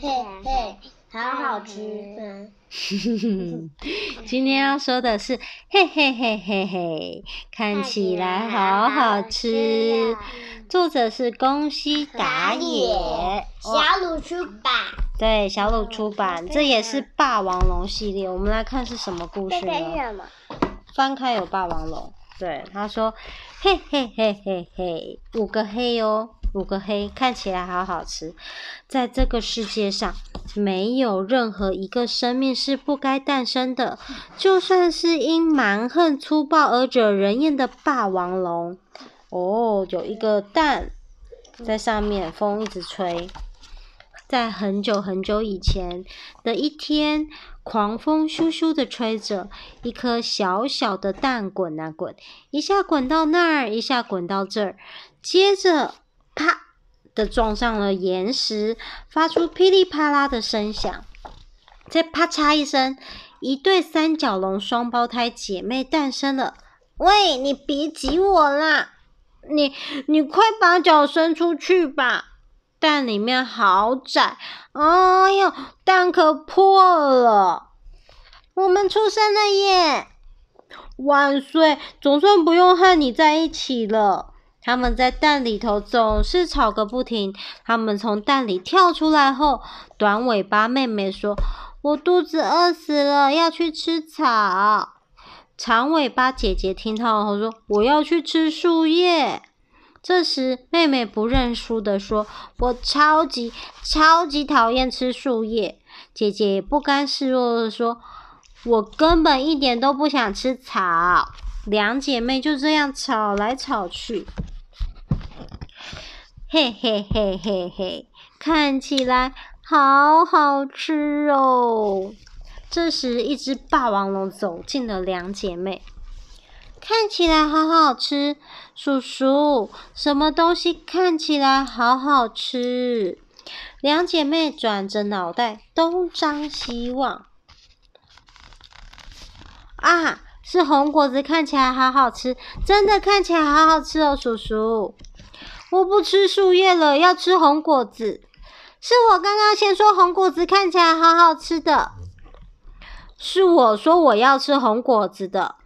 嘿嘿，好好吃。今天要說的是嘿嘿嘿嘿嘿，看起來好好吃。作者是宮西達也，野，哇，小魯出版。對，小魯出版，嗯、這也是霸王龍系列。我們來看是什麼故事呢？翻開有霸王龍。對，他說嘿嘿嘿嘿嘿，五個黑喲。嘿嘿嘿嘿嘿，看起來好好吃。在這個世界上，沒有任何一個生命是不該誕生的，就算是因蠻橫粗暴而惹人厭的霸王龍。哦，有一個蛋在上面，風一直吹。在很久很久以前的一天，狂風咻咻的吹着，一顆小小的蛋滾啊滾，一下滾到那兒，一下滾到這兒，接着。啪的撞上了岩石，發出噼里啪啦的聲響。再啪嚓一聲，一對三角龍雙胞胎姐妹誕生了。喂，你別擠我啦！你你快把腳伸出去吧，蛋裡面好窄。哦呦，蛋殼破了！我們出生了耶！萬歲！總算不用和你在一起了。他們在蛋裡頭總是吵個不停。他們從蛋裡跳出來後，短尾巴妹妹說：“我肚子餓死了，要去吃草。”長尾巴姐姐聽到後說：“我要去吃樹葉。”這時，妹妹不認輸的說：“我超級超級討厭吃樹葉。”姐姐也不甘示弱的說：“我根本一點都不想吃草。”兩姐妹就這樣吵來吵去。嘿嘿嘿嘿嘿，看起來好好吃哦！這時，一只霸王龍走近了兩姐妹。看起來好好吃，叔叔，什麼東西看起來好好吃？兩姐妹轉着腦袋東張西望。啊，是紅果子，看起來好好吃，真的看起來好好吃哦，叔叔。我不吃樹葉了，要吃紅果子。是我剛剛先說紅果子看起來好好吃的，是我說我要吃紅果子的。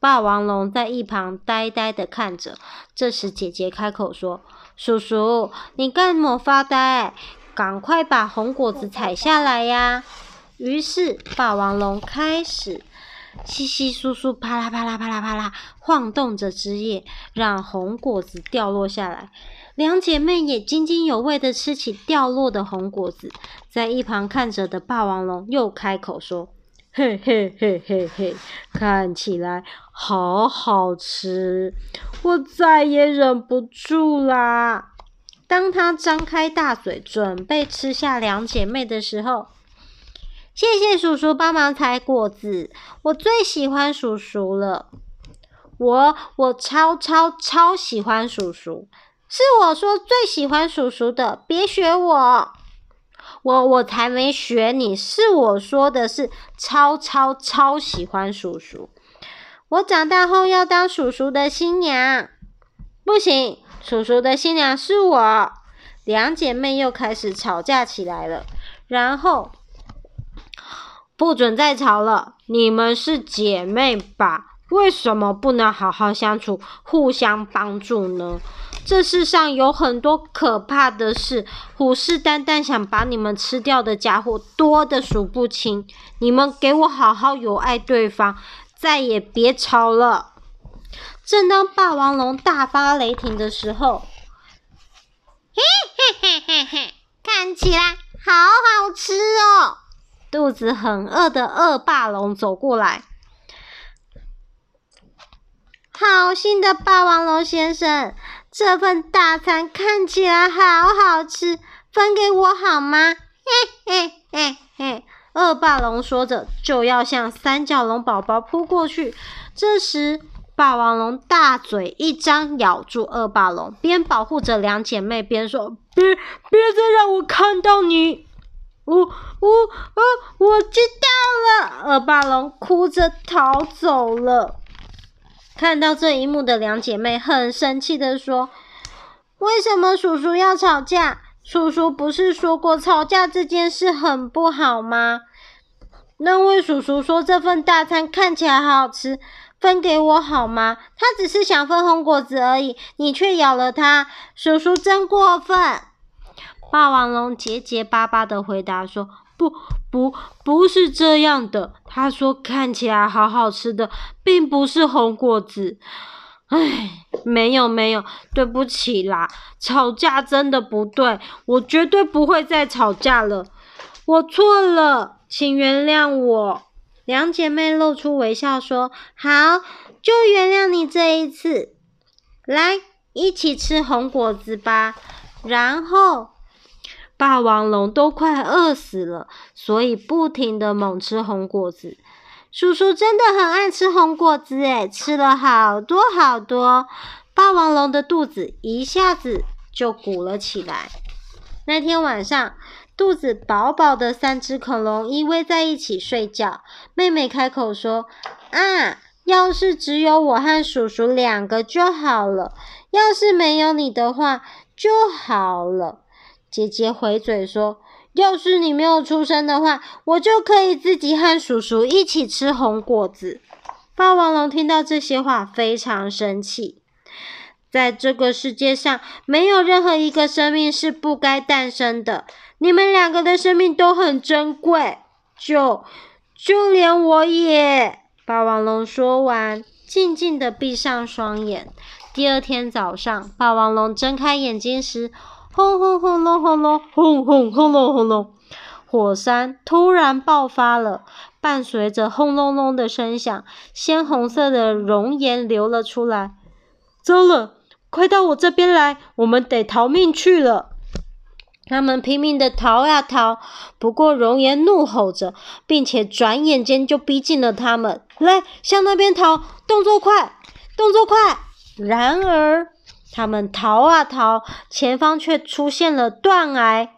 霸王龍在一旁呆呆的看着。這時姐姐開口說：“叔叔，你幹嘛發呆？趕快把紅果子採下來呀！”於是霸王龍開始。稀稀疏疏，啪啦啪啦啪啦啪啦，晃動着枝葉，讓紅果子掉落下來。兩姐妹也津津有味地吃起掉落的紅果子，在一旁看着的霸王龍又開口說：“嘿嘿嘿嘿嘿，看起來好好吃，我再也忍不住啦！”當她張開大嘴準備吃下兩姐妹的時候，謝謝叔叔幫忙採果子，我最喜歡叔叔了。我我超超超喜歡叔叔，是我說最喜歡叔叔的，別學我。我我才沒學你，是我說的是超超超喜歡叔叔。我長大後要當叔叔的新娘，不行，叔叔的新娘是我。兩姐妹又開始吵架起來了，然後。不准再吵了！你們是姐妹吧？為什麼不能好好相處、互相幫助呢？這世上有很多可怕的事，虎視眈眈想把你們吃掉的傢伙多得數不清。你們給我好好友愛對方，再也別吵了。正當霸王龍大發雷霆的時候，嘿嘿嘿嘿嘿，看起來好好吃哦。肚子很餓的惡霸龍走過來，好心的霸王龍先生，這份大餐看起來好好吃，分給我好嗎？嘿嘿嘿嘿！惡霸龍說着就要向三角龍寶寶撲過去，這時霸王龍大嘴一張，咬住惡霸龍，邊保護着兩姐妹邊說：“別，別再讓我看到你！”嗚嗚，我我知道了，惡霸龍哭着逃走了。看到這一幕的兩姐妹很生氣的說：“為什麼叔叔要吵架？叔叔不是說過吵架這件事很不好嗎？”那位叔叔說：“這份大餐看起來好好吃，分給我好嗎？他只是想分紅果子而已，你卻咬了他，叔叔真過分。”霸王龍結結巴巴的回答說：“不，不，不是這樣的。”他說：“看起來好好吃的，並不是紅果子。”唉，沒有沒有，對不起啦，吵架真的不對，我絕對不會再吵架了，我錯了，請原諒我。”兩姐妹露出微笑說：“好，就原諒你這一次，來一起吃紅果子吧。”然後。霸王龍都快餓死了，所以不停的猛吃紅果子。叔叔真的很愛吃紅果子，誒，吃了好多好多。霸王龍的肚子一下子就鼓了起來。那天晚上，肚子飽飽的三隻恐龍依偎在一起睡覺。妹妹開口說：“啊，要是只有我和叔叔兩個就好了，要是沒有你的話就好了。”姐姐回嘴說：“要是你沒有出生的話，我就可以自己和叔叔一起吃紅果子。”霸王龍聽到這些話，非常生氣。在這個世界上，沒有任何一個生命是不該誕生的。你們兩個的生命都很珍貴，就就連我也……霸王龍說完，靜靜的閉上雙眼。第二天早上，霸王龍睜開眼睛時，轟轟轟隆轟隆，轟轟轟隆轟隆，火山突然爆發了，伴隨着轟隆隆的聲響，鮮紅色的熔岩流了出來。糟了，快到我這邊來，我們得逃命去了。他們拼命的逃呀逃，不過熔岩怒吼着，並且轉眼間就逼近了他們。來，向那邊逃，動作快，動作快。然而。他們逃啊逃，前方卻出現了斷崖，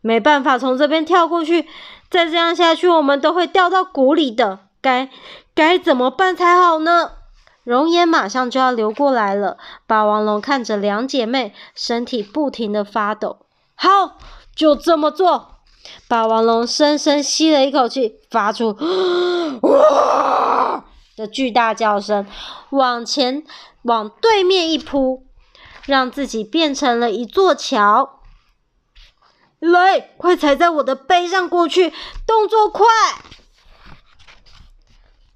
沒辦法從這邊跳過去。再這樣下去，我們都會掉到谷裡的。該該怎麼辦才好呢？熔岩馬上就要流過來了。霸王龍看着兩姐妹，身體不停的發抖。好，就這麼做。霸王龍深深吸了一口氣，發出，哇的巨大叫聲，往前往對面一撲，讓自己變成了一座橋。來，快踩在我的背上過去，動作快！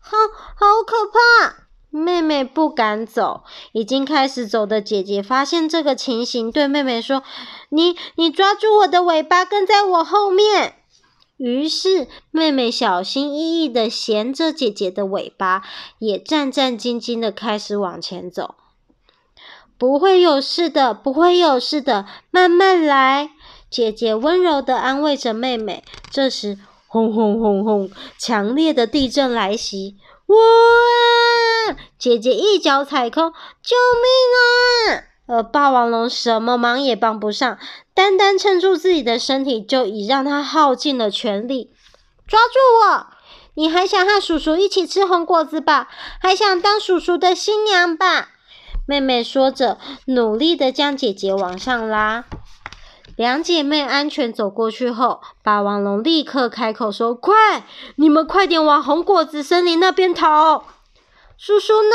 哼，好可怕！妹妹不敢走，已經開始走的姐姐發現這個情形，對妹妹說：“你，你抓住我的尾巴，跟在我後面。”於是，妹妹小心翼翼地銜着姐姐的尾巴，也戰戰兢兢地開始往前走。不會有事的，不會有事的，慢慢來。姐姐溫柔地安慰着妹妹。這時，轟轟轟轟，強烈的地震來襲！哇！姐姐一腳踩空，救命啊！而霸王龍什麼忙也幫不上。單單撐住自己的身體，就已讓他耗盡了全力。抓住我！你還想和叔叔一起吃紅果子吧？還想當叔叔的新娘吧？妹妹說着，努力地將姐姐往上拉。兩姐妹安全走過去後，霸王龍立刻開口說：“快，你們快點往紅果子森林那邊逃！叔叔呢？”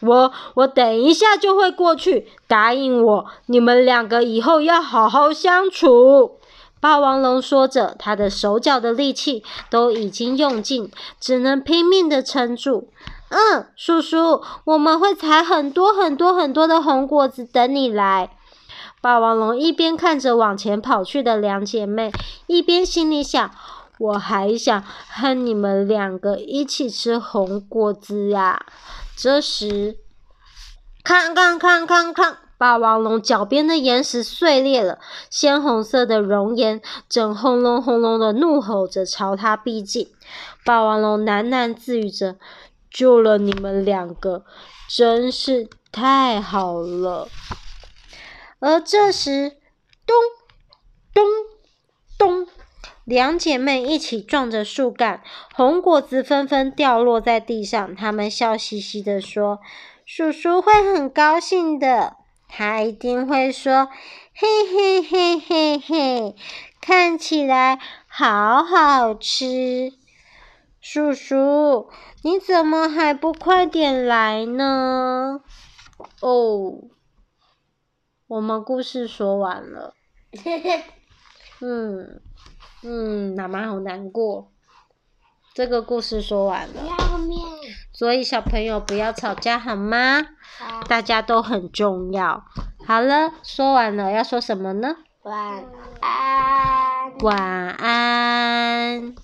我我等一下就會過去，答應我，你們兩個以後要好好相處。霸王龍說着，他的手腳的力氣都已經用盡，只能拼命的撐住。嗯，叔叔，我們會採很多很多很多的紅果子等你來。霸王龍一邊看着往前跑去的兩姐妹，一邊心裡想：我還想和你們兩個一起吃紅果子呀、啊。這時，看看看看看，霸王龍腳邊的岩石碎裂了，鮮紅色的熔岩正轟隆轟隆的怒吼着朝他逼近。霸王龍喃喃自語着：“救了你們兩個，真是太好了。”而這時，咚。兩姐妹一起撞着樹幹，紅果子紛紛掉落在地上。她們笑嘻嘻地說：“叔叔會很高興的，他一定會說，嘿嘿嘿嘿嘿，看起來好好吃。叔叔，你怎麼還不快點來呢？”哦，我們故事說完了。 嗯。嗯，媽媽好難過。這個故事說完了，所以小朋友不要吵架好嗎？啊、大家都很重要。好了，說完了，要說什麼呢？晚安，晚安。